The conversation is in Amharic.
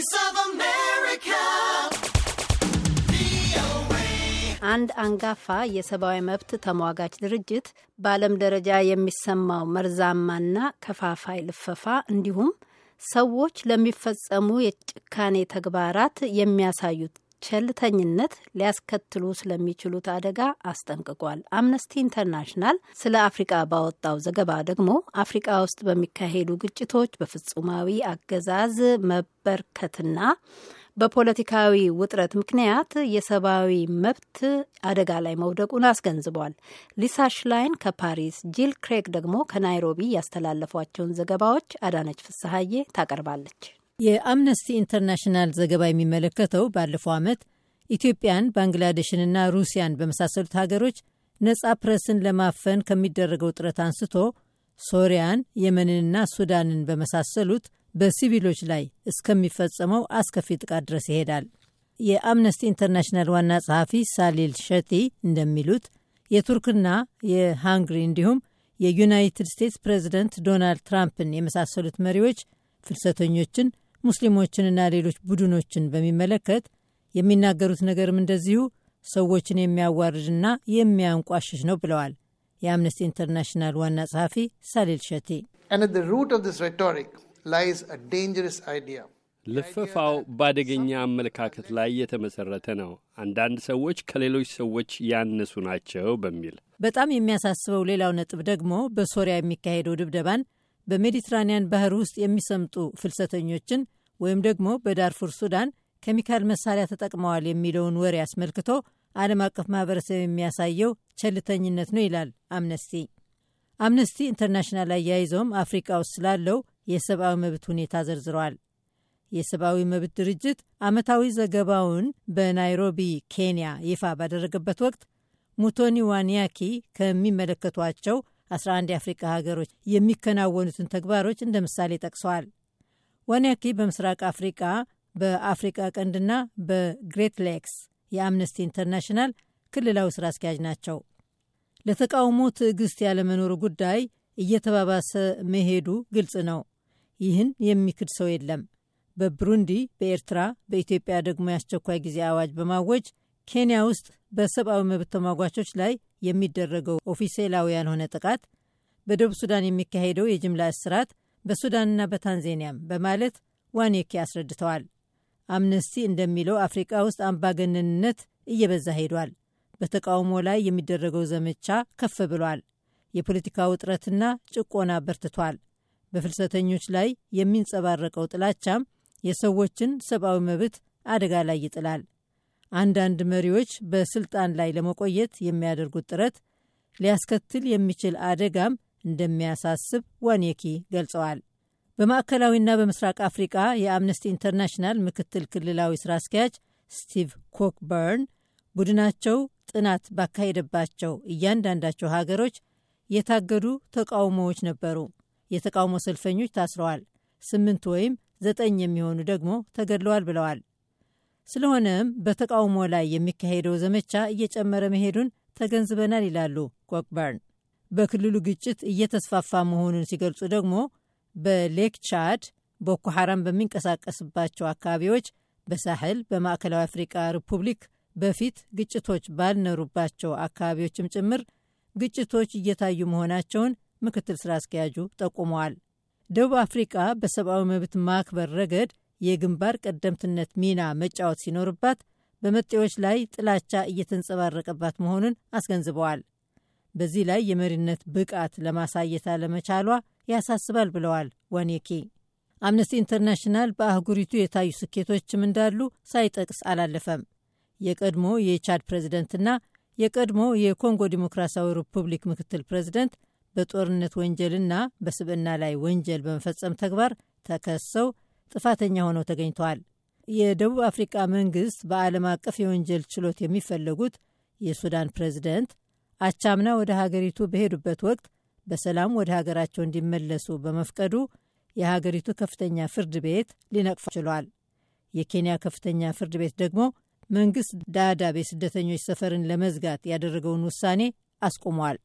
Voice of America. አንድ አንጋፋ የሰብአዊ መብት ተሟጋች ድርጅት በዓለም ደረጃ የሚሰማው መርዛማና ከፋፋይ ልፈፋ እንዲሁም ሰዎች ለሚፈጸሙ የጭካኔ ተግባራት የሚያሳዩት ቸልተኝነት ሊያስከትሉ ስለሚችሉት አደጋ አስጠንቅቋል። አምነስቲ ኢንተርናሽናል ስለ አፍሪቃ ባወጣው ዘገባ ደግሞ አፍሪቃ ውስጥ በሚካሄዱ ግጭቶች፣ በፍጹማዊ አገዛዝ መበርከትና በፖለቲካዊ ውጥረት ምክንያት የሰብአዊ መብት አደጋ ላይ መውደቁን አስገንዝቧል። ሊሳ ሽላይን ከፓሪስ፣ ጂል ክሬግ ደግሞ ከናይሮቢ ያስተላለፏቸውን ዘገባዎች አዳነች ፍስሐዬ ታቀርባለች። የአምነስቲ ኢንተርናሽናል ዘገባ የሚመለከተው ባለፈው ዓመት ኢትዮጵያን፣ ባንግላዴሽንና ሩሲያን በመሳሰሉት ሀገሮች ነጻ ፕረስን ለማፈን ከሚደረገው ጥረት አንስቶ ሶሪያን፣ የመንንና ሱዳንን በመሳሰሉት በሲቪሎች ላይ እስከሚፈጸመው አስከፊ ጥቃት ድረስ ይሄዳል። የአምነስቲ ኢንተርናሽናል ዋና ጸሐፊ ሳሊል ሸቲ እንደሚሉት የቱርክና የሃንግሪ እንዲሁም የዩናይትድ ስቴትስ ፕሬዚደንት ዶናልድ ትራምፕን የመሳሰሉት መሪዎች ፍልሰተኞችን ሙስሊሞችንና ሌሎች ቡድኖችን በሚመለከት የሚናገሩት ነገርም እንደዚሁ ሰዎችን የሚያዋርድና የሚያንቋሽሽ ነው ብለዋል የአምነስቲ ኢንተርናሽናል ዋና ጸሐፊ ሳሌል ሸቴ። ልፈፋው በአደገኛ አመለካከት ላይ የተመሰረተ ነው። አንዳንድ ሰዎች ከሌሎች ሰዎች ያነሱ ናቸው በሚል በጣም የሚያሳስበው ሌላው ነጥብ ደግሞ በሶሪያ የሚካሄደው ድብደባን በሜዲትራኒያን ባህር ውስጥ የሚሰምጡ ፍልሰተኞችን ወይም ደግሞ በዳርፉር ሱዳን ኬሚካል መሳሪያ ተጠቅመዋል የሚለውን ወሬ አስመልክቶ ዓለም አቀፍ ማህበረሰብ የሚያሳየው ቸልተኝነት ነው ይላል አምነስቲ። አምነስቲ ኢንተርናሽናል አያይዞም አፍሪቃ ውስጥ ስላለው የሰብአዊ መብት ሁኔታ ዘርዝረዋል። የሰብአዊ መብት ድርጅት ዓመታዊ ዘገባውን በናይሮቢ ኬንያ ይፋ ባደረገበት ወቅት ሙቶኒ ዋንያኪ ከሚመለከቷቸው 11 የአፍሪካ ሀገሮች የሚከናወኑትን ተግባሮች እንደ ምሳሌ ጠቅሰዋል። ዋንያኪ በምስራቅ አፍሪቃ፣ በአፍሪቃ ቀንድና በግሬት ሌክስ የአምነስቲ ኢንተርናሽናል ክልላዊ ስራ አስኪያጅ ናቸው። ለተቃውሞ ትዕግስት ያለመኖሩ ጉዳይ እየተባባሰ መሄዱ ግልጽ ነው። ይህን የሚክድ ሰው የለም። በብሩንዲ፣ በኤርትራ፣ በኢትዮጵያ ደግሞ የአስቸኳይ ጊዜ አዋጅ በማወጅ ኬንያ ውስጥ በሰብአዊ መብት ተሟጓቾች ላይ የሚደረገው ኦፊሴላዊ ያልሆነ ጥቃት፣ በደቡብ ሱዳን የሚካሄደው የጅምላ እስራት፣ በሱዳንና በታንዛኒያም በማለት ዋኔኪ አስረድተዋል። አምነስቲ እንደሚለው አፍሪቃ ውስጥ አምባገነንነት እየበዛ ሄዷል። በተቃውሞ ላይ የሚደረገው ዘመቻ ከፍ ብሏል። የፖለቲካ ውጥረትና ጭቆና በርትቷል። በፍልሰተኞች ላይ የሚንጸባረቀው ጥላቻም የሰዎችን ሰብአዊ መብት አደጋ ላይ ይጥላል። አንዳንድ መሪዎች በስልጣን ላይ ለመቆየት የሚያደርጉት ጥረት ሊያስከትል የሚችል አደጋም እንደሚያሳስብ ዋኔኪ ገልጸዋል። በማዕከላዊና በምስራቅ አፍሪቃ የአምነስቲ ኢንተርናሽናል ምክትል ክልላዊ ስራ አስኪያጅ ስቲቭ ኮክበርን ቡድናቸው ጥናት ባካሄደባቸው እያንዳንዳቸው ሀገሮች የታገዱ ተቃውሞዎች ነበሩ። የተቃውሞ ሰልፈኞች ታስረዋል፣ ስምንት ወይም ዘጠኝ የሚሆኑ ደግሞ ተገድለዋል ብለዋል። ስለሆነም በተቃውሞ ላይ የሚካሄደው ዘመቻ እየጨመረ መሄዱን ተገንዝበናል ይላሉ ኮክበርን። በክልሉ ግጭት እየተስፋፋ መሆኑን ሲገልጹ ደግሞ በሌክ ቻድ ቦኮ ሐራም በሚንቀሳቀስባቸው አካባቢዎች፣ በሳህል በማዕከላዊ አፍሪቃ ሪፑብሊክ በፊት ግጭቶች ባልነሩባቸው አካባቢዎችም ጭምር ግጭቶች እየታዩ መሆናቸውን ምክትል ስራ አስኪያጁ ጠቁመዋል። ደቡብ አፍሪቃ በሰብአዊ መብት ማክበር ረገድ የግንባር ቀደምትነት ሚና መጫወት ሲኖርባት በመጤዎች ላይ ጥላቻ እየተንጸባረቀባት መሆኑን አስገንዝበዋል። በዚህ ላይ የመሪነት ብቃት ለማሳየት አለመቻሏ ያሳስባል ብለዋል ዋኔኪ። አምነስቲ ኢንተርናሽናል በአህጉሪቱ የታዩ ስኬቶችም እንዳሉ ሳይጠቅስ አላለፈም። የቀድሞ የቻድ ፕሬዚደንትና የቀድሞ የኮንጎ ዲሞክራሲያዊ ሪፑብሊክ ምክትል ፕሬዝደንት በጦርነት ወንጀልና በስብዕና ላይ ወንጀል በመፈጸም ተግባር ተከሰው ጥፋተኛ ሆነው ተገኝተዋል። የደቡብ አፍሪቃ መንግስት በዓለም አቀፍ የወንጀል ችሎት የሚፈለጉት የሱዳን ፕሬዝደንት አቻምና ወደ ሀገሪቱ በሄዱበት ወቅት በሰላም ወደ ሀገራቸው እንዲመለሱ በመፍቀዱ የሀገሪቱ ከፍተኛ ፍርድ ቤት ሊነቅፋ ችሏል። የኬንያ ከፍተኛ ፍርድ ቤት ደግሞ መንግስት ዳዳብ የስደተኞች ሰፈርን ለመዝጋት ያደረገውን ውሳኔ አስቁሟል።